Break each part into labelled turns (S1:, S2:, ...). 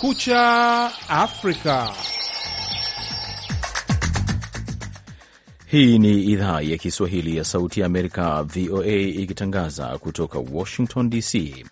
S1: Kumekucha Afrika.
S2: Hii ni idhaa ya Kiswahili ya Sauti ya Amerika, VOA, ikitangaza kutoka Washington DC.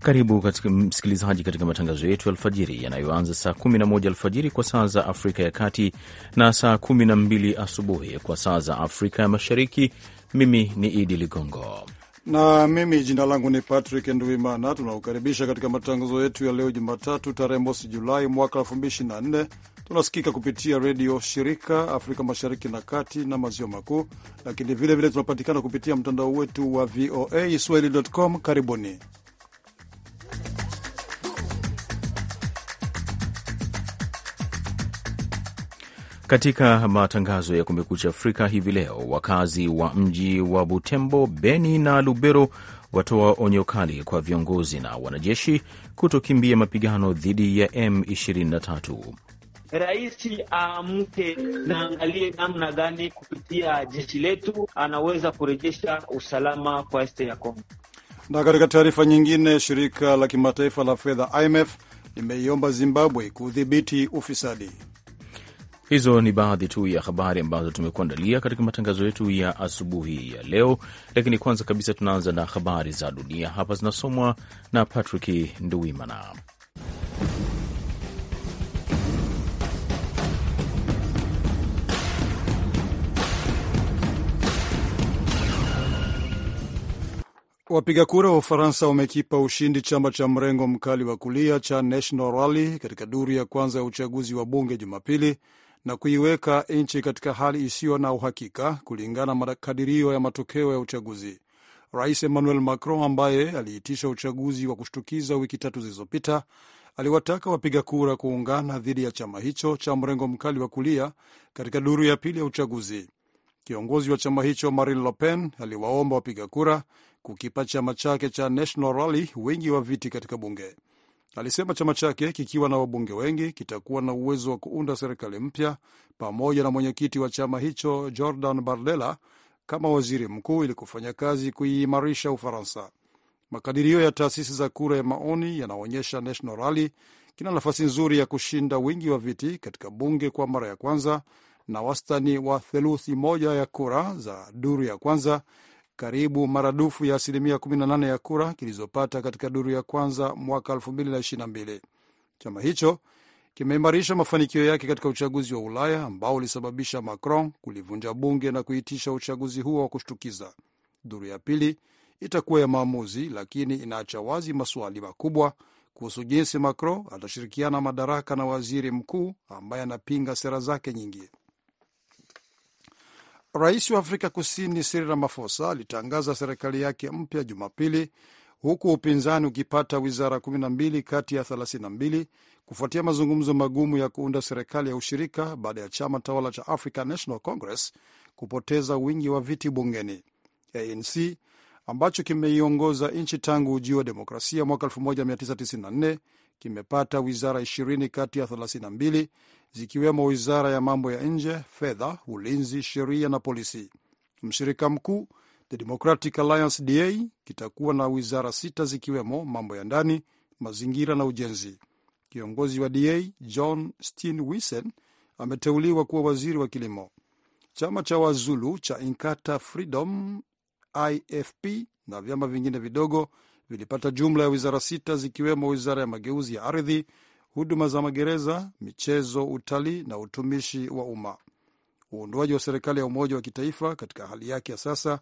S2: Karibu katika msikilizaji, katika matangazo yetu alfajiri yanayoanza saa 11 alfajiri kwa saa za Afrika ya Kati na saa 12 asubuhi kwa saa za Afrika ya Mashariki. Mimi ni Idi Ligongo
S3: na mimi jina langu ni Patrick Nduimana. Tunakukaribisha katika matangazo yetu ya leo Jumatatu, tarehe mosi Julai mwaka 2024. Tunasikika kupitia redio shirika Afrika Mashariki na Kati na Maziwa Makuu, lakini vilevile tunapatikana kupitia mtandao wetu wa VOA Swahili.com. Karibuni.
S2: Katika matangazo ya Kumekucha Afrika hivi leo, wakazi wa mji wa Butembo, Beni na Lubero watoa onyo kali kwa viongozi na wanajeshi kutokimbia mapigano dhidi ya M23.
S4: Raisi aamke na angalie namna gani kupitia jeshi letu anaweza kurejesha usalama kwa este ya Kongo.
S3: Na katika taarifa nyingine, shirika la kimataifa la fedha IMF limeiomba Zimbabwe kudhibiti ufisadi.
S2: Hizo ni baadhi tu ya habari ambazo tumekuandalia katika matangazo yetu ya asubuhi ya leo, lakini kwanza kabisa tunaanza na habari za dunia. Hapa zinasomwa na Patrick Nduwimana.
S3: Wapiga kura wa Ufaransa wamekipa ushindi chama cha mrengo mkali wa kulia cha National Rally katika duru ya kwanza ya uchaguzi wa bunge Jumapili, na kuiweka nchi katika hali isiyo na uhakika, kulingana makadirio ya matokeo ya uchaguzi. Rais Emmanuel Macron ambaye aliitisha uchaguzi wa kushtukiza wiki tatu zilizopita aliwataka wapiga kura kuungana dhidi ya chama hicho cha mrengo mkali wa kulia katika duru ya pili ya uchaguzi. Kiongozi wa chama hicho Marine Le Pen aliwaomba wapiga kura kukipa chama chake cha National Rally wingi wa viti katika bunge. Alisema chama chake kikiwa na wabunge wengi kitakuwa na uwezo wa kuunda serikali mpya pamoja na mwenyekiti wa chama hicho Jordan Bardella kama waziri mkuu ili kufanya kazi kuiimarisha Ufaransa. Makadirio ya taasisi za kura ya maoni yanaonyesha National Rally kina nafasi nzuri ya kushinda wingi wa viti katika bunge kwa mara ya kwanza na wastani wa theluthi moja ya kura za duru ya kwanza karibu maradufu ya asilimia 18 ya kura kilizopata katika duru ya kwanza mwaka 2022. Chama hicho kimeimarisha mafanikio yake katika uchaguzi wa Ulaya ambao ulisababisha Macron kulivunja bunge na kuitisha uchaguzi huo wa kushtukiza. Duru ya pili itakuwa ya maamuzi, lakini inaacha wazi maswali makubwa kuhusu jinsi Macron atashirikiana madaraka na waziri mkuu ambaye anapinga sera zake nyingi. Rais wa Afrika Kusini Cyril Ramaphosa alitangaza serikali yake mpya Jumapili, huku upinzani ukipata wizara 12 kati ya 32 kufuatia mazungumzo magumu ya kuunda serikali ya ushirika baada ya chama tawala cha African National Congress kupoteza wingi wa viti bungeni. ANC ambacho kimeiongoza nchi tangu ujio wa demokrasia mwaka 1994 kimepata wizara 20 kati ya 32 zikiwemo wizara ya mambo ya nje, fedha, ulinzi, sheria na polisi. Mshirika mkuu The Democratic Alliance DA kitakuwa na wizara sita zikiwemo mambo ya ndani, mazingira na ujenzi. Kiongozi wa DA John Steenhuisen ameteuliwa kuwa waziri wa kilimo. Chama cha Wazulu cha Inkatha Freedom IFP na vyama vingine vidogo vilipata jumla ya wizara sita zikiwemo wizara ya mageuzi ya ardhi, huduma za magereza, michezo, utalii na utumishi wa umma. Uundwaji wa serikali ya umoja wa kitaifa katika hali yake ya sasa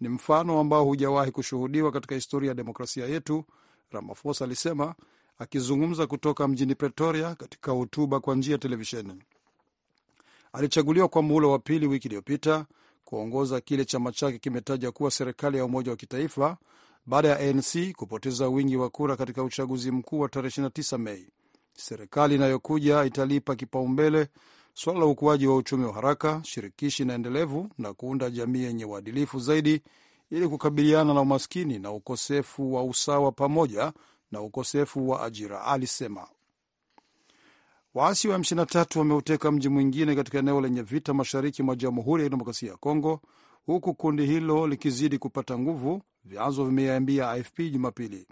S3: ni mfano ambao hujawahi kushuhudiwa katika historia ya demokrasia yetu, Ramaphosa alisema akizungumza kutoka mjini Pretoria katika hotuba kwa njia ya televisheni. Alichaguliwa kwa muhula wa pili wiki iliyopita kuongoza kile chama chake kimetaja kuwa serikali ya umoja wa kitaifa baada ya ANC kupoteza wingi wa kura katika uchaguzi mkuu wa tarehe 29 Mei. Serikali inayokuja italipa kipaumbele suala la ukuaji wa uchumi wa haraka, shirikishi na endelevu na kuunda jamii yenye uadilifu zaidi ili kukabiliana na umaskini na ukosefu wa usawa pamoja na ukosefu wa ajira, alisema. Waasi wa M23 wameuteka mji mwingine katika eneo lenye vita mashariki mwa Jamhuri ya Kidemokrasia ya Kongo, huku kundi hilo likizidi kupata nguvu vyanzo vimeiambia AFP Jumapili.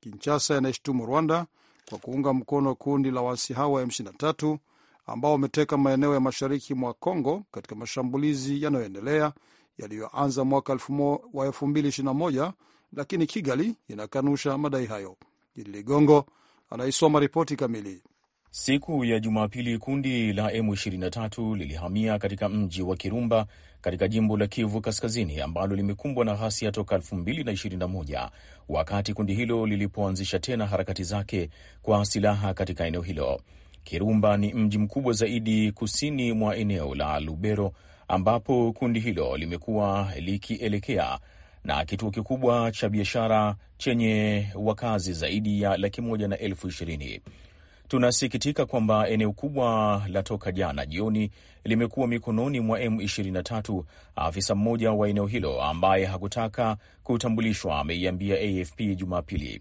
S3: kinchasa inaishutumu Rwanda kwa kuunga mkono kundi la waasi hawa M23 ambao wameteka maeneo ya mashariki mwa Congo katika mashambulizi yanayoendelea yaliyoanza mwaka wa 2021 lakini Kigali inakanusha madai hayo. Idi Ligongo anaisoma ripoti kamili.
S2: Siku ya Jumapili, kundi la M23 lilihamia katika mji wa Kirumba katika jimbo la Kivu Kaskazini ambalo limekumbwa na ghasia toka 2021 wakati kundi hilo lilipoanzisha tena harakati zake kwa silaha katika eneo hilo. Kirumba ni mji mkubwa zaidi kusini mwa eneo la Lubero ambapo kundi hilo limekuwa likielekea na kituo kikubwa cha biashara chenye wakazi zaidi ya laki moja na elfu ishirini. Tunasikitika kwamba eneo kubwa la toka jana jioni limekuwa mikononi mwa M23. Afisa mmoja wa eneo hilo ambaye hakutaka kutambulishwa ameiambia AFP Jumapili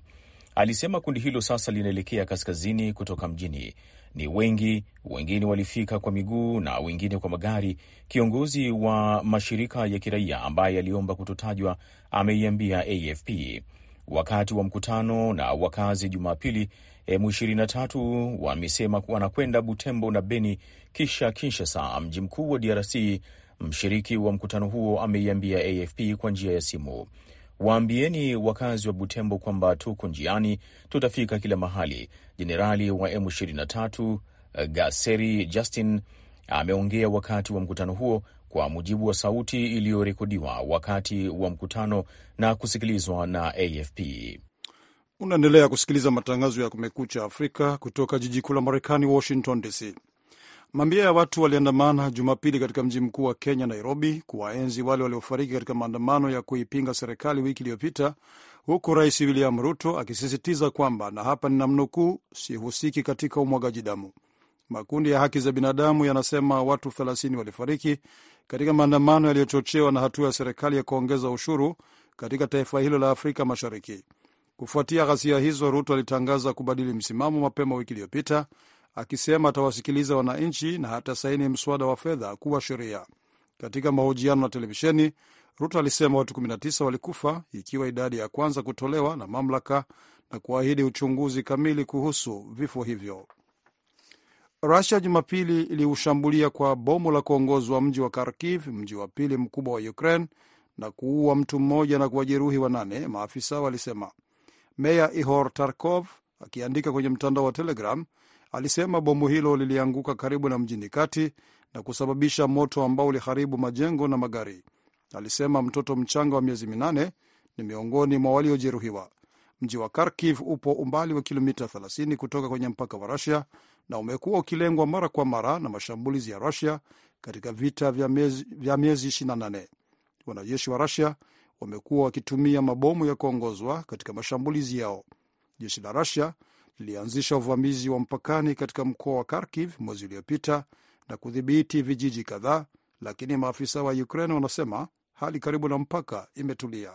S2: alisema kundi hilo sasa linaelekea kaskazini kutoka mjini. Ni wengi, wengine walifika kwa miguu na wengine kwa magari. Kiongozi wa mashirika ya kiraia ambaye aliomba kutotajwa ameiambia AFP wakati wa mkutano na wakazi Jumapili M23 wamesema wanakwenda Butembo na Beni kisha Kinshasa, mji mkuu wa DRC. Mshiriki wa mkutano huo ameiambia AFP kwa njia ya simu, waambieni wakazi wa Butembo kwamba tuko njiani, tutafika kila mahali. Jenerali wa M23 eh, Gaseri Justin ameongea wakati wa mkutano huo kwa mujibu wa sauti iliyorekodiwa wakati wa mkutano na kusikilizwa na AFP.
S3: Unaendelea kusikiliza matangazo ya Kumekucha Afrika kutoka jiji kuu la Marekani, Washington DC. Mambia ya watu waliandamana Jumapili katika mji mkuu wa Kenya, Nairobi, kuwaenzi wale waliofariki katika maandamano ya kuipinga serikali wiki iliyopita, huku Rais William Ruto akisisitiza kwamba, na hapa mnukuu sihusiki katika umwagaji damu. Makundi ya haki za binadamu yanasema watu 30 walifariki katika maandamano yaliyochochewa na hatua ya serikali ya kuongeza ushuru katika taifa hilo la Afrika Mashariki. Kufuatia ghasia hizo, Ruto alitangaza kubadili msimamo mapema wiki iliyopita, akisema atawasikiliza wananchi na hatasaini mswada wa fedha kuwa sheria. Katika mahojiano na televisheni, Ruto alisema watu 19 walikufa, ikiwa idadi ya kwanza kutolewa na mamlaka, na kuahidi uchunguzi kamili kuhusu vifo hivyo. Rusia Jumapili iliushambulia kwa bomu la kuongozwa mji wa Kharkiv, mji wa pili mkubwa wa Ukraine, na kuua mtu mmoja na kuwajeruhi wanane, maafisa walisema. Meya Ihor Tarkov akiandika kwenye mtandao wa Telegram alisema bomu hilo lilianguka karibu na mjini kati na kusababisha moto ambao uliharibu majengo na magari. Alisema mtoto mchanga wa miezi minane ni miongoni mwa waliojeruhiwa. Mji wa Kharkiv upo umbali wa kilomita 30 kutoka kwenye mpaka wa Rusia na umekuwa ukilengwa mara kwa mara na mashambulizi ya Rusia katika vita vya miezi 28. Wanajeshi wa Rusia wamekuwa wakitumia mabomu ya kuongozwa katika mashambulizi yao. Jeshi la Rusia lilianzisha uvamizi wa mpakani katika mkoa wa Kharkiv mwezi uliopita na kudhibiti vijiji kadhaa, lakini maafisa wa Ukraine wanasema hali karibu na mpaka imetulia.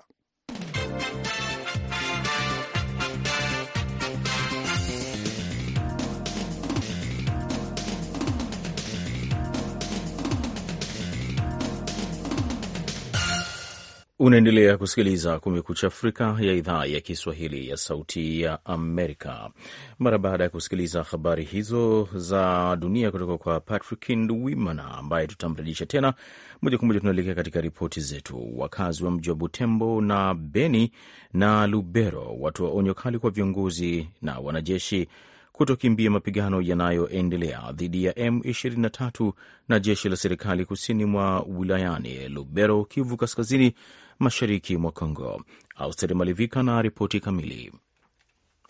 S2: Unaendelea kusikiliza Kumekucha Afrika ya idhaa ya Kiswahili ya Sauti ya Amerika. Mara baada ya kusikiliza habari hizo za dunia kutoka kwa Patrick Nduwimana ambaye tutamrejisha tena moja kwa moja, tunaelekea katika ripoti zetu. Wakazi wa mji wa Butembo na Beni na Lubero watoa onyo kali kwa viongozi na wanajeshi kutokimbia mapigano yanayoendelea dhidi ya M23 na jeshi la serikali kusini mwa wilayani Lubero, Kivu Kaskazini mashariki mwa Congo. Austeri Malivika na ripoti kamili.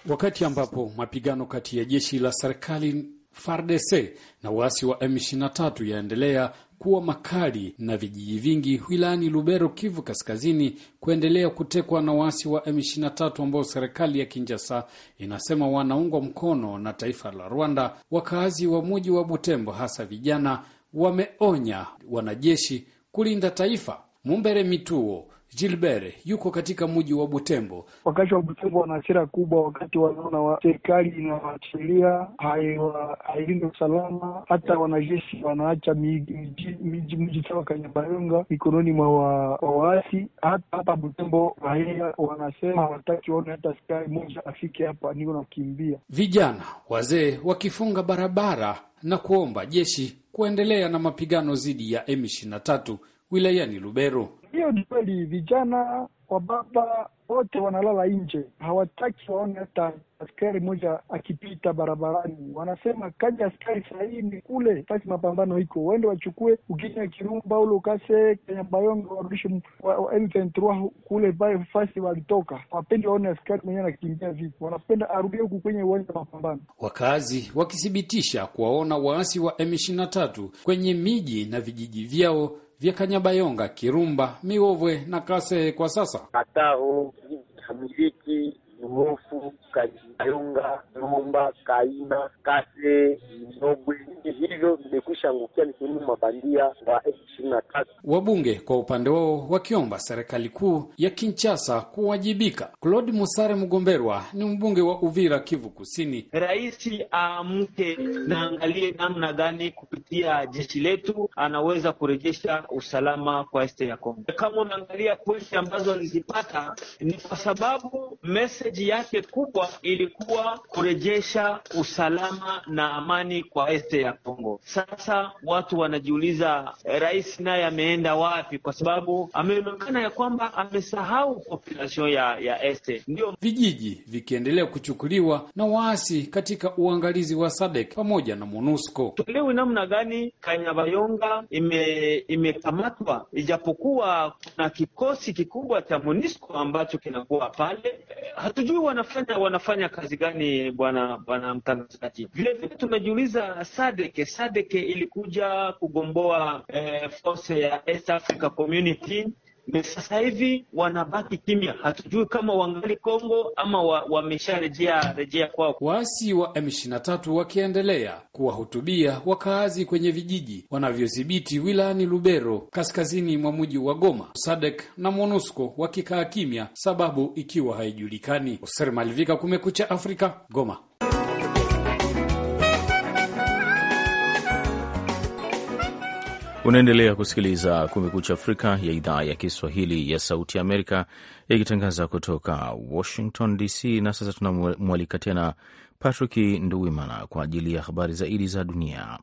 S5: Wakati ambapo mapigano kati ya jeshi la serikali FARDC na waasi wa M23 yaendelea kuwa makali na vijiji vingi wilayani Lubero, Kivu Kaskazini, kuendelea kutekwa na waasi wa M23 ambao serikali ya kinjasa inasema wanaungwa mkono na taifa la Rwanda. Wakaazi wa muji wa Butembo, hasa vijana, wameonya wanajeshi kulinda taifa. Mumbere Mituo Gilbert yuko katika mji wa Butembo.
S4: wakati wa Butembo wana hasira kubwa wakati wanaona serikali inawachilia hailinde usalama, hata wanajeshi wanaacha mji sawa Kanyabayonga mikononi mwa waasi. Hata hapa
S3: Butembo raia wanasema wataki waone hata askari moja afike hapa, niko nakimbia.
S5: Vijana wazee wakifunga barabara na kuomba jeshi kuendelea na mapigano dhidi ya M23 wilayani Lubero.
S3: Hiyo ni kweli, vijana baba wote wanalala nje, hawataki waone hata askari mmoja akipita barabarani. Wanasema kaja askari sahii ni kule fasi mapambano iko waende wachukue ukinya Kirumba ule ukase Kenya Bayongo warudishe wa kule pale fasi walitoka. Wapendi waone askari mwenyewe anakimbia vipi, wanapenda arudie huku kwenye uwanja wa mapambano.
S5: Wakazi wakithibitisha kuwaona waasi wa M23 kwenye miji na vijiji vyao vya Kanyabayonga, Kirumba, Miovwe na Kasehe kwa sasa.
S4: Katao, Hamiliki, Ruhofu Kayunga, nomba Kaina, Kase, Minogwe, hivyo vimekwisha angukia mikononi mwa bandia wa na tatu.
S5: Wabunge kwa upande wao wakiomba serikali kuu ya Kinshasa kuwajibika. Claude Musare Mgomberwa ni mbunge wa Uvira, Kivu Kusini.
S4: Rais aamke na angalie namna gani kupitia jeshi letu anaweza kurejesha usalama kwa este ya Kongo. Kama unaangalia pointi ambazo alizipata ni kwa sababu meseji yake kubwa kwa ilikuwa kurejesha usalama na amani kwa este ya Kongo. Sasa watu wanajiuliza rais naye ameenda wapi? Kwa sababu ameonekana ya kwamba amesahau population ya, ya este. Ndio vijiji vikiendelea kuchukuliwa na waasi katika uangalizi wa
S5: Sadek pamoja na MONUSCO. Tuelewi namna
S4: gani Kanyabayonga imekamatwa ime ijapokuwa kuna kikosi kikubwa cha MONUSCO ambacho kinakuwa pale, hatujui wanafanya wanafanya kazi gani, bwana bwana mtangazaji? Vilevile tumejiuliza sadeke sadeke ilikuja kugomboa eh, force ya East Africa Community na sasa hivi wanabaki kimya, hatujui kama wangali Kongo ama wamesharejea rejea kwao.
S5: Waasi wa M23 wakiendelea kuwahutubia wakaazi kwenye vijiji wanavyodhibiti wilayani Lubero, kaskazini mwa mji wa Goma, Sadek na MONUSCO wakikaa kimya, sababu ikiwa haijulikani. Oser Malivika, Kumekucha Afrika, Goma.
S2: Unaendelea kusikiliza Kumekucha Afrika ya idhaa ya Kiswahili ya Sauti ya Amerika ikitangaza kutoka Washington DC. Na sasa tunamwalika tena Patrick Nduwimana kwa ajili ya habari zaidi za dunia.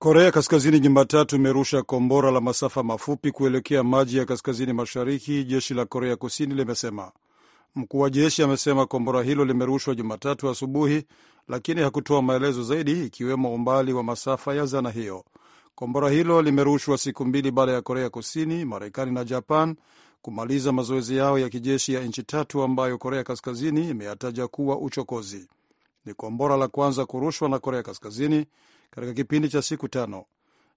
S3: Korea Kaskazini Jumatatu imerusha kombora la masafa mafupi kuelekea maji ya kaskazini mashariki, jeshi la Korea Kusini limesema. Mkuu wa jeshi amesema kombora hilo limerushwa Jumatatu asubuhi, lakini hakutoa maelezo zaidi, ikiwemo umbali wa masafa ya zana hiyo. Kombora hilo limerushwa siku mbili baada ya Korea Kusini, Marekani na Japan kumaliza mazoezi yao ya kijeshi ya nchi tatu ambayo Korea Kaskazini imeyataja kuwa uchokozi. Ni kombora la kwanza kurushwa na Korea Kaskazini katika kipindi cha siku tano.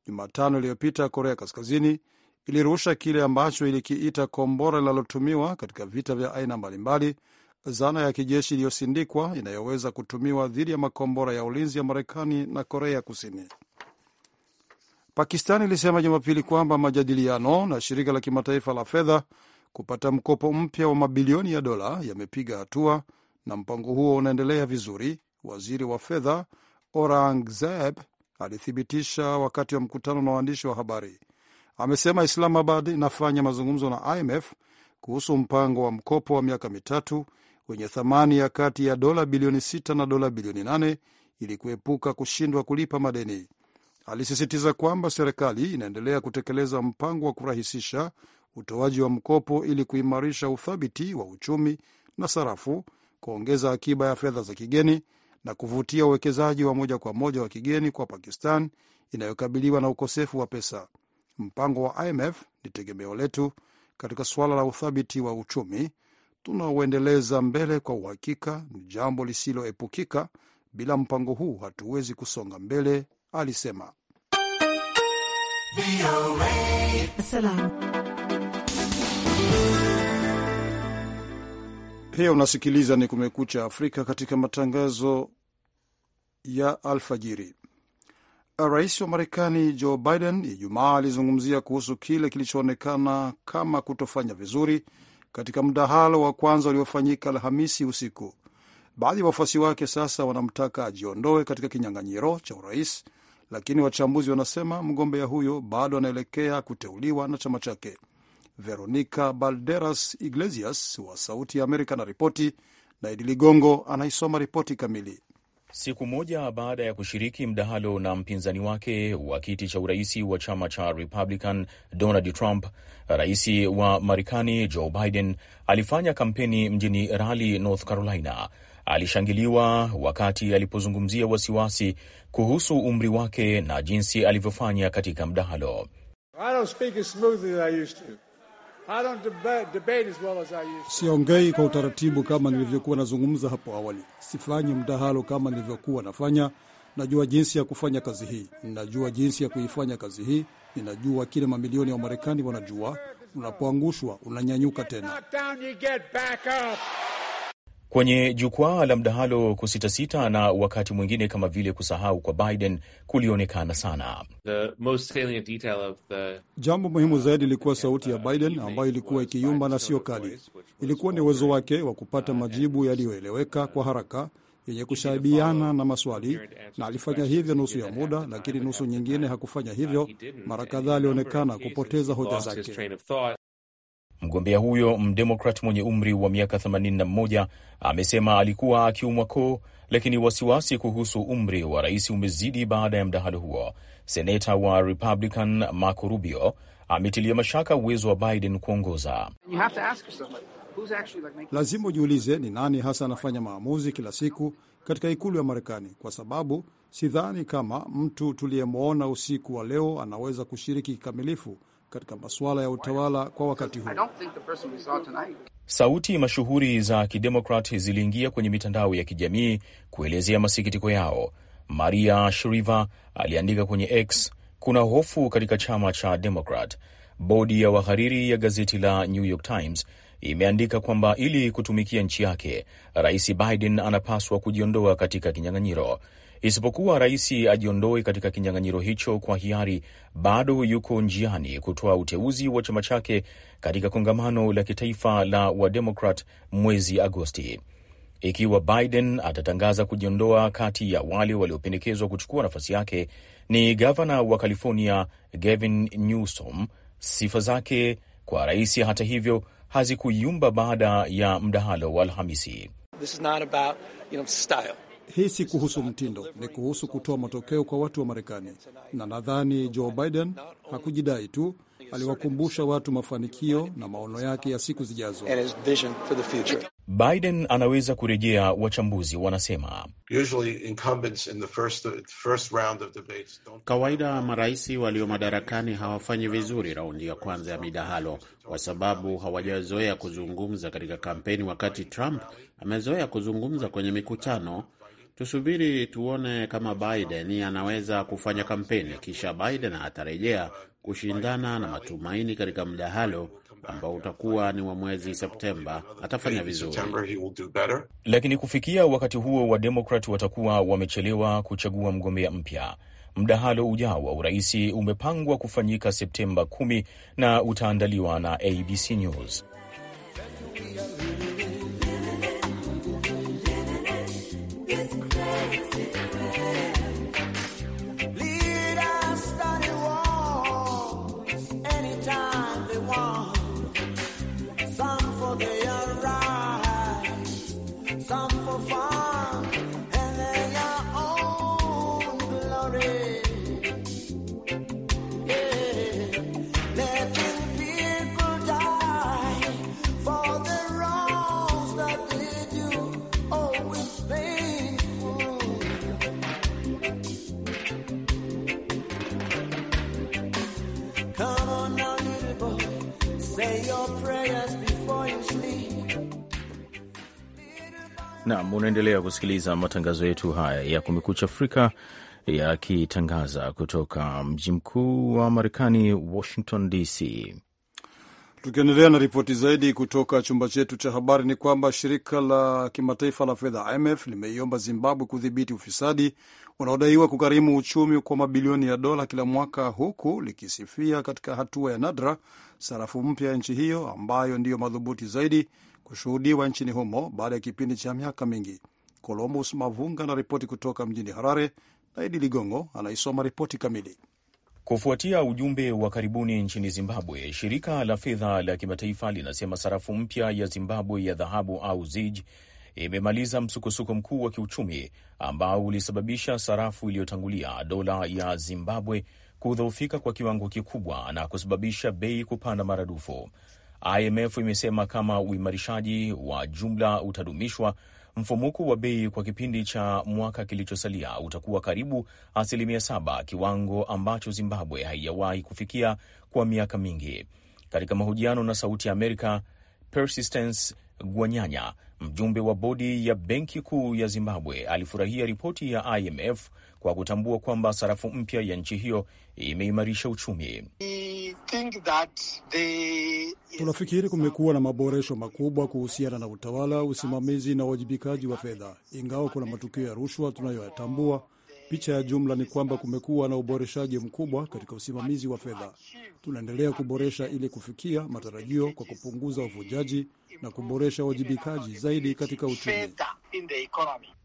S3: Jumatano iliyopita, Korea Kaskazini ilirusha kile ambacho ilikiita kombora linalotumiwa katika vita vya aina mbalimbali, zana ya kijeshi iliyosindikwa inayoweza kutumiwa dhidi ya makombora ya ulinzi ya Marekani na Korea Kusini. Pakistani ilisema Jumapili kwamba majadiliano na shirika la kimataifa la fedha kupata mkopo mpya wa mabilioni ya dola yamepiga hatua na mpango huo unaendelea vizuri. Waziri wa fedha Orangzeb alithibitisha wakati wa mkutano na waandishi wa habari. Amesema Islamabad inafanya mazungumzo na IMF kuhusu mpango wa mkopo wa miaka mitatu wenye thamani ya kati ya dola bilioni 6 na dola bilioni 8 ili kuepuka kushindwa kulipa madeni. Alisisitiza kwamba serikali inaendelea kutekeleza mpango wa kurahisisha utoaji wa mkopo ili kuimarisha uthabiti wa uchumi na sarafu, kuongeza akiba ya fedha za kigeni na kuvutia uwekezaji wa moja kwa moja wa kigeni kwa Pakistan inayokabiliwa na ukosefu wa pesa. Mpango wa IMF ni tegemeo letu katika suala la uthabiti wa uchumi tunaoendeleza mbele. Kwa uhakika ni jambo lisiloepukika. Bila mpango huu hatuwezi kusonga mbele, alisema. Salam. Pia unasikiliza ni Kumekucha Afrika katika matangazo ya alfajiri. Rais wa Marekani Joe Biden Ijumaa alizungumzia kuhusu kile kilichoonekana kama kutofanya vizuri katika mdahalo wa kwanza uliofanyika Alhamisi usiku. Baadhi ya wafuasi wake sasa wanamtaka ajiondoe katika kinyang'anyiro cha urais, lakini wachambuzi wanasema mgombea huyo bado anaelekea kuteuliwa na chama chake. Veronica Balderas Iglesias wa Sauti ya Amerika na ripoti na Idi Ligongo anaisoma ripoti kamili.
S2: Siku moja baada ya kushiriki mdahalo na mpinzani wake wa kiti cha uraisi wa chama cha Republican Donald Trump, rais wa Marekani Joe Biden alifanya kampeni mjini Raleigh, North Carolina. Alishangiliwa wakati alipozungumzia wasiwasi kuhusu umri wake na jinsi alivyofanya katika mdahalo.
S3: I don't speak as smoothly as I used to siongei kwa utaratibu kama nilivyokuwa nazungumza hapo awali. Sifanyi mdahalo kama nilivyokuwa nafanya. Najua jinsi ya kufanya kazi hii, ninajua jinsi ya kuifanya kazi hii, ninajua kile mamilioni ya Wamarekani wanajua. Unapoangushwa unanyanyuka tena kwenye jukwaa la mdahalo
S2: kusitasita na wakati mwingine kama vile kusahau kwa Biden kulionekana sana.
S3: The most salient detail of the... jambo muhimu zaidi ilikuwa sauti ya Biden ambayo ilikuwa ikiyumba na sio kali. Ilikuwa ni uwezo wake wa kupata majibu yaliyoeleweka kwa haraka yenye kushabiana na maswali, na alifanya hivyo nusu ya muda, lakini nusu nyingine hakufanya hivyo. Mara kadhaa alionekana kupoteza hoja zake.
S2: Mgombea huyo mdemokrat mwenye umri wa miaka 81 amesema alikuwa akiumwa koo, lakini wasiwasi kuhusu umri wa rais umezidi baada ya mdahalo huo. Seneta wa Republican Marco Rubio ametilia mashaka uwezo wa Biden kuongoza.
S3: lazima ujiulize ni nani hasa anafanya maamuzi kila siku katika ikulu ya Marekani, kwa sababu sidhani kama mtu tuliyemwona usiku wa leo anaweza kushiriki kikamilifu katika masuala ya utawala kwa wakati huu.
S2: Sauti mashuhuri za kidemokrat ziliingia kwenye mitandao ya kijamii kuelezea masikitiko yao. Maria Shriver aliandika kwenye X, kuna hofu katika chama cha Demokrat. Bodi ya wahariri ya gazeti la New York Times imeandika kwamba ili kutumikia nchi yake, Rais Biden anapaswa kujiondoa katika kinyang'anyiro. Isipokuwa rais ajiondoe katika kinyang'anyiro hicho kwa hiari, bado yuko njiani kutoa uteuzi wa chama chake katika kongamano la kitaifa la Wademokrat mwezi Agosti. Ikiwa Biden atatangaza kujiondoa, kati ya wale waliopendekezwa kuchukua nafasi yake ni gavana wa California Gavin Newsom. Sifa zake kwa rais, hata hivyo, hazikuyumba baada ya mdahalo wa Alhamisi.
S3: This is not about, you know, style. Hii si kuhusu mtindo, ni kuhusu kutoa matokeo kwa watu wa Marekani, na nadhani Joe Biden hakujidai tu, aliwakumbusha watu mafanikio na maono yake ya siku zijazo.
S2: Biden anaweza kurejea, wachambuzi wanasema. Kawaida maraisi walio madarakani hawafanyi vizuri raundi ya kwanza ya midahalo kwa sababu hawajazoea kuzungumza katika kampeni, wakati Trump amezoea kuzungumza kwenye mikutano Tusubiri tuone kama Biden anaweza kufanya kampeni, kisha Biden atarejea kushindana na matumaini katika mdahalo ambao utakuwa ni wa mwezi Septemba. Atafanya vizuri, lakini kufikia wakati huo Wademokrat watakuwa wamechelewa kuchagua mgombea mpya. Mdahalo ujao wa uraisi umepangwa kufanyika Septemba 10 na utaandaliwa na ABC News.
S3: It's crazy.
S2: unaendelea kusikiliza matangazo yetu haya ya Kumekucha Afrika yakitangaza kutoka mji mkuu wa Marekani, Washington DC.
S3: Tukiendelea na ripoti zaidi kutoka chumba chetu cha habari ni kwamba shirika la kimataifa la fedha IMF limeiomba Zimbabwe kudhibiti ufisadi unaodaiwa kugharimu uchumi kwa mabilioni ya dola kila mwaka, huku likisifia katika hatua ya nadra sarafu mpya ya nchi hiyo ambayo ndiyo madhubuti zaidi kushuhudiwa nchini humo baada ya kipindi cha miaka mingi. Columbus Mavunga na ripoti kutoka mjini Harare na Idi Ligongo anaisoma ripoti kamili.
S2: Kufuatia ujumbe wa karibuni nchini Zimbabwe, shirika la fedha la kimataifa linasema sarafu mpya ya Zimbabwe ya dhahabu au ZiG imemaliza msukosuko mkuu wa kiuchumi ambao ulisababisha sarafu iliyotangulia dola ya Zimbabwe kudhoofika kwa kiwango kikubwa na kusababisha bei kupanda maradufu. IMF imesema kama uimarishaji wa jumla utadumishwa, mfumuko wa bei kwa kipindi cha mwaka kilichosalia utakuwa karibu asilimia saba, kiwango ambacho Zimbabwe haijawahi kufikia kwa miaka mingi. Katika mahojiano na Sauti ya Amerika, Persistence Gwanyanya, mjumbe wa bodi ya benki kuu ya Zimbabwe, alifurahia ripoti ya IMF kwa kutambua kwamba sarafu mpya ya nchi hiyo imeimarisha uchumi.
S3: tunafikiri kumekuwa na maboresho makubwa kuhusiana na utawala, usimamizi na uwajibikaji wa fedha, ingawa kuna matukio ya rushwa tunayoyatambua Picha ya jumla ni kwamba kumekuwa na uboreshaji mkubwa katika usimamizi wa fedha. Tunaendelea kuboresha ili kufikia matarajio kwa kupunguza uvujaji na kuboresha uwajibikaji zaidi katika uchumi.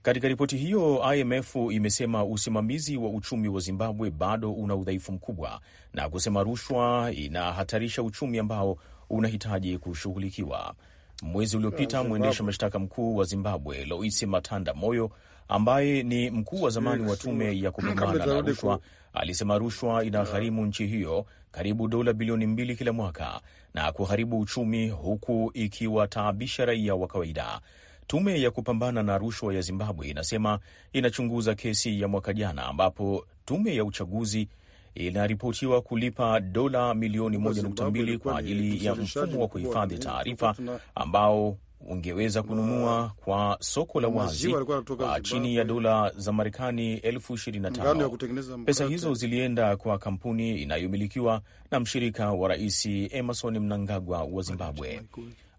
S2: Katika ripoti hiyo, IMF imesema usimamizi wa uchumi wa Zimbabwe bado una udhaifu mkubwa na kusema rushwa inahatarisha uchumi ambao unahitaji kushughulikiwa. Mwezi uliopita mwendesha mashtaka mkuu wa Zimbabwe Loise Matanda Moyo ambaye ni mkuu wa zamani wa tume ya kupambana na rushwa alisema rushwa inagharimu nchi hiyo karibu dola bilioni mbili kila mwaka na kuharibu uchumi huku ikiwataabisha raia wa kawaida. Tume ya kupambana na rushwa ya Zimbabwe inasema inachunguza kesi ya mwaka jana ambapo tume ya uchaguzi inaripotiwa kulipa dola milioni 1.2 kwa ajili ya mfumo wa kuhifadhi taarifa ambao ungeweza kununua kwa soko la wazi kwa ah, chini ya dola za Marekani elfu ishirini na tano. Pesa hizo zilienda kwa kampuni inayomilikiwa na mshirika wa Rais Emerson Mnangagwa wa Zimbabwe.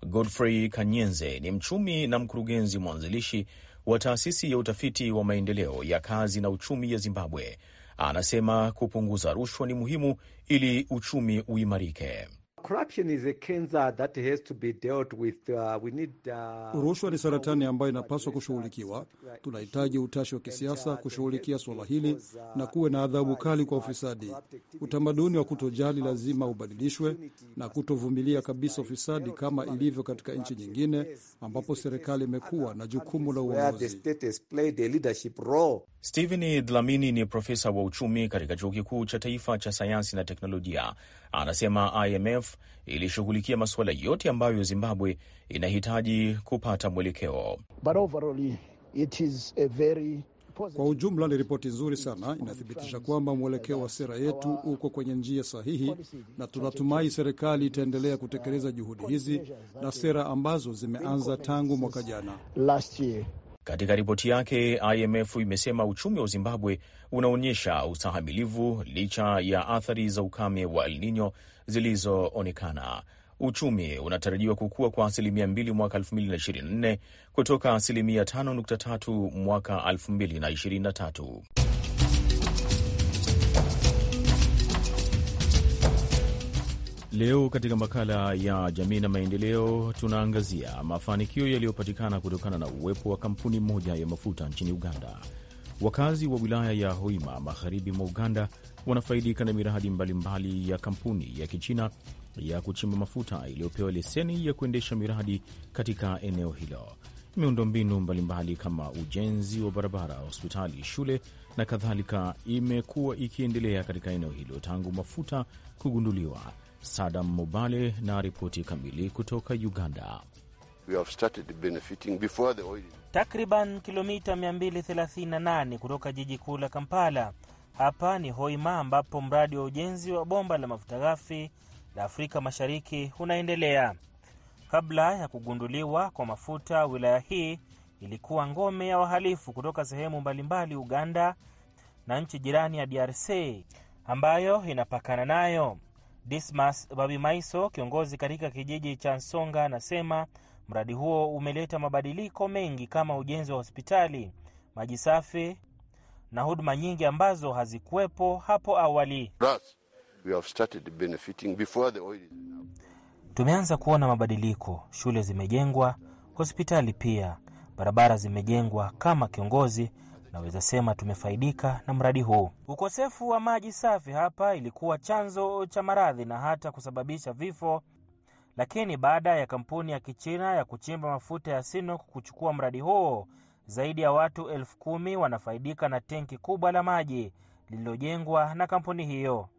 S2: Godfrey Kanyenze ni mchumi na mkurugenzi mwanzilishi wa taasisi ya utafiti wa maendeleo ya kazi na uchumi ya Zimbabwe. Anasema kupunguza rushwa ni
S3: muhimu ili uchumi uimarike
S4: corruption is a cancer that has to be dealt with. Uh, we need uh, rushwa ni
S3: saratani ambayo inapaswa kushughulikiwa. Tunahitaji utashi wa kisiasa uh, kushughulikia suala hili uh, na kuwe na adhabu uh, kali kwa ufisadi. Utamaduni wa kutojali lazima ubadilishwe na kutovumilia kabisa ufisadi kama ilivyo katika nchi nyingine ambapo serikali imekuwa na jukumu la uongozi.
S2: Stephen Dlamini ni profesa wa uchumi katika Chuo Kikuu cha Taifa cha Sayansi na Teknolojia. Anasema IMF ilishughulikia masuala yote ambayo Zimbabwe inahitaji kupata mwelekeo.
S3: Kwa ujumla ni ripoti nzuri sana, inathibitisha kwamba mwelekeo wa sera yetu uko kwenye njia sahihi, na tunatumai serikali itaendelea kutekeleza juhudi hizi na sera ambazo zimeanza tangu mwaka jana.
S2: Katika ripoti yake, IMF imesema uchumi wa Zimbabwe unaonyesha ustahamilivu licha ya athari za ukame wa El Nino zilizoonekana. Uchumi unatarajiwa kukua kwa asilimia 2 mwaka 2024 kutoka asilimia 5.3 mwaka 2023. Leo katika makala ya jamii na maendeleo tunaangazia mafanikio yaliyopatikana kutokana na uwepo wa kampuni moja ya mafuta nchini Uganda. Wakazi wa wilaya ya Hoima magharibi mwa Uganda wanafaidika na miradi mbalimbali ya kampuni ya Kichina ya kuchimba mafuta iliyopewa leseni ya kuendesha miradi katika eneo hilo. Miundombinu mbalimbali kama ujenzi wa barabara, hospitali, shule na kadhalika imekuwa ikiendelea katika eneo hilo tangu mafuta kugunduliwa. Sadam Mubale na ripoti kamili kutoka Uganda.
S1: Takriban kilomita 238 kutoka jiji kuu la Kampala. Hapa ni Hoima ambapo mradi wa ujenzi wa bomba la mafuta ghafi la Afrika Mashariki unaendelea. Kabla ya kugunduliwa kwa mafuta, wilaya hii ilikuwa ngome ya wahalifu kutoka sehemu mbalimbali Uganda na nchi jirani ya DRC ambayo inapakana nayo. Dismas Babimaiso, kiongozi katika kijiji cha Nsonga, anasema mradi huo umeleta mabadiliko mengi kama ujenzi wa hospitali, maji safi na huduma nyingi ambazo hazikuwepo hapo awali. Tumeanza kuona mabadiliko, shule zimejengwa, hospitali pia, barabara zimejengwa. Kama kiongozi tunaweza sema tumefaidika na mradi huu. Ukosefu wa maji safi hapa ilikuwa chanzo cha maradhi na hata kusababisha vifo, lakini baada ya kampuni ya Kichina ya kuchimba mafuta ya Sinopec kuchukua mradi huo, zaidi ya watu elfu kumi wanafaidika na tenki kubwa la maji lililojengwa na kampuni hiyo.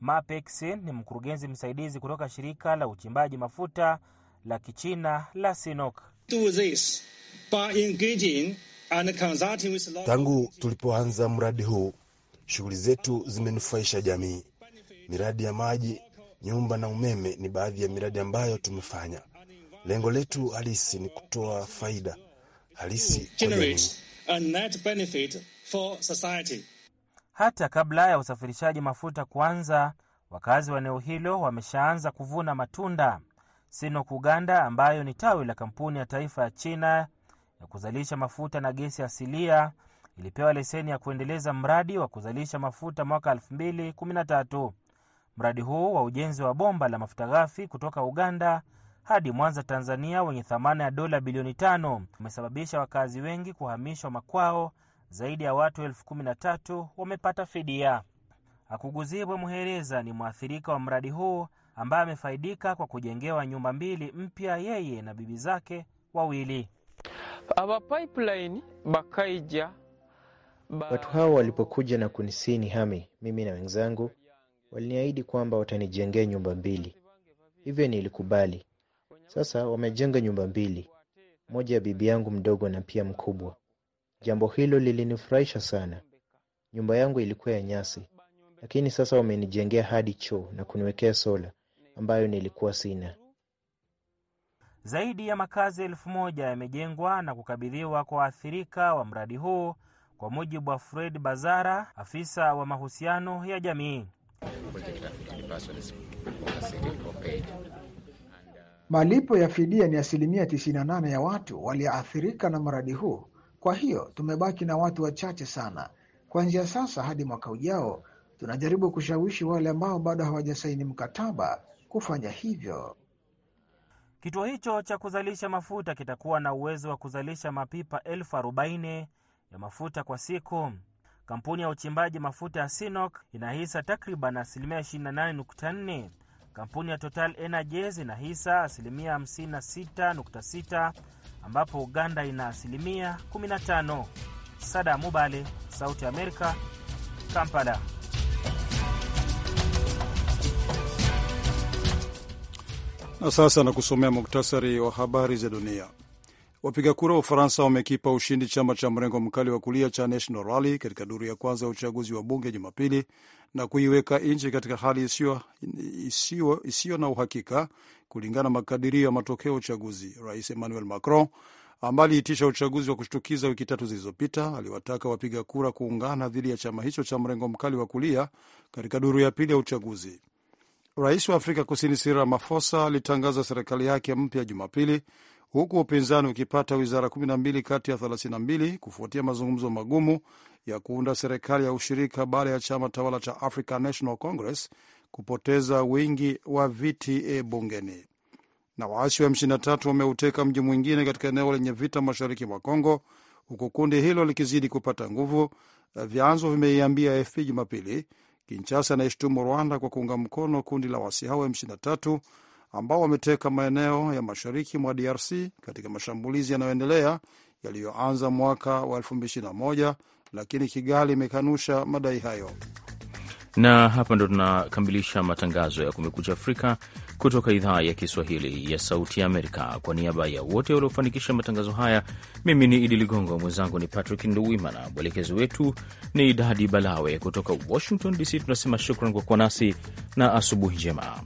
S1: Mapex ni mkurugenzi msaidizi kutoka shirika la uchimbaji mafuta la Kichina la Sinopec. Tangu tulipoanza mradi huu, shughuli zetu zimenufaisha jamii. Miradi ya maji, nyumba na umeme ni baadhi ya miradi ambayo tumefanya. Lengo letu halisi ni kutoa faida halisi Hata kabla ya usafirishaji mafuta kuanza, wakazi wa eneo hilo wameshaanza kuvuna matunda. Sinok Uganda, ambayo ni tawi la kampuni ya taifa ya China ya kuzalisha mafuta na gesi asilia ilipewa leseni ya kuendeleza mradi wa kuzalisha mafuta mwaka 2013. Mradi huu wa ujenzi wa bomba la mafuta ghafi kutoka Uganda hadi Mwanza, Tanzania, wenye thamani ya dola bilioni tano umesababisha wakazi wengi kuhamishwa makwao. Zaidi ya watu elfu kumi na tatu wamepata fidia. Akuguzibwe Muhereza ni mwathirika wa mradi huu ambaye amefaidika kwa kujengewa nyumba mbili mpya, yeye na bibi zake wawili. Aba pipeline bakaija ba... Watu hao walipokuja na kunisi ni hami mimi na wenzangu, waliniahidi kwamba watanijengea nyumba mbili, hivyo nilikubali. Sasa wamejenga nyumba mbili, moja ya bibi yangu mdogo na pia mkubwa. Jambo hilo lilinifurahisha sana. Nyumba yangu ilikuwa ya nyasi, lakini sasa wamenijengea hadi choo na kuniwekea sola ambayo nilikuwa sina. Zaidi ya makazi elfu moja yamejengwa na kukabidhiwa kwa waathirika wa mradi huu, kwa mujibu wa Fred Bazara, afisa wa mahusiano ya jamii.
S2: Malipo ya fidia ni asilimia 98 ya watu walioathirika na mradi huu. Kwa hiyo tumebaki na watu wachache sana. Kuanzia sasa hadi mwaka ujao, tunajaribu kushawishi wale ambao bado hawajasaini mkataba kufanya hivyo.
S1: Kituo hicho cha kuzalisha mafuta kitakuwa na uwezo wa kuzalisha mapipa elfu arobaini ya mafuta kwa siku. Kampuni ya uchimbaji mafuta ya Sinok ina hisa takriban asilimia 28.4. Kampuni ya Total Energies ina hisa asilimia 56.6, ambapo Uganda ina asilimia 15. Sada Mubale, Sauti Amerika, Kampala.
S3: Na sasa na kusomea muktasari wa habari za dunia. Wapiga kura wa Ufaransa wamekipa ushindi chama cha mrengo mkali wa kulia cha National Rally katika duru ya kwanza ya uchaguzi wa bunge Jumapili na kuiweka nchi katika hali isiyo, isiyo, isiyo na uhakika kulingana na makadirio ya matokeo ya uchaguzi. Rais Emmanuel Macron ambaye aliitisha uchaguzi wa kushtukiza wiki tatu zilizopita, aliwataka wapiga kura kuungana dhidi ya chama hicho cha mrengo mkali wa kulia katika duru ya pili ya uchaguzi. Rais wa Afrika Kusini Cyril Ramaphosa alitangaza serikali yake mpya Jumapili, huku upinzani ukipata wizara 12 kati ya 32 kufuatia mazungumzo magumu ya kuunda serikali ya ushirika baada ya chama tawala cha African National Congress kupoteza wingi wa viti e bungeni. Na waasi wa M23 wameuteka mji mwingine katika eneo lenye vita mashariki mwa congo huku kundi hilo likizidi kupata nguvu, vyanzo vimeiambia AFP Jumapili, Kinshasa inaishtumu Rwanda kwa kuunga mkono kundi la wasi hao M23 ambao wameteka maeneo ya mashariki mwa DRC katika mashambulizi yanayoendelea yaliyoanza mwaka wa 2021 lakini Kigali imekanusha madai hayo.
S2: Na hapa ndo tunakamilisha matangazo ya Kumekucha Afrika kutoka idhaa ya Kiswahili ya Sauti ya Amerika. Kwa niaba ya wote waliofanikisha matangazo haya, mimi ni Idi Ligongo, mwenzangu ni Patrick Nduwimana, mwelekezi wetu ni Idadi Balawe. Kutoka Washington DC tunasema shukran kwa kuwa nasi na asubuhi njema.